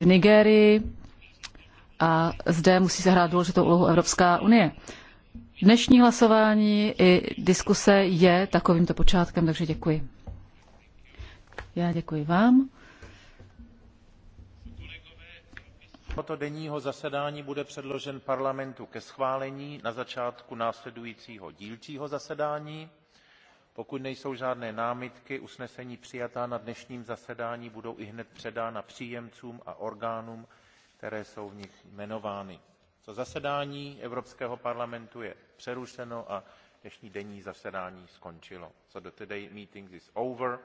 v Nigérii a zde musí se hrát důležitou úlohu Evropská unie. Dnešní hlasování i diskuse je takovýmto počátkem, takže děkuji. Já děkuji vám. Toto denního zasedání bude předložen parlamentu ke schválení na začátku následujícího dílčího zasedání. Pokud nejsou žádné námitky, usnesení přijatá na dnešním zasedání budou i hned předána příjemcům a orgánům, které jsou v nich jmenovány. To zasedání Evropského parlamentu je přerušeno a dnešní denní zasedání skončilo. So the today meeting is over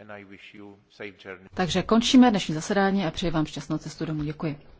and I wish you safe journey. Takže končíme dnešní zasedání a přeji vám šťastnou cestu domů. Děkuji.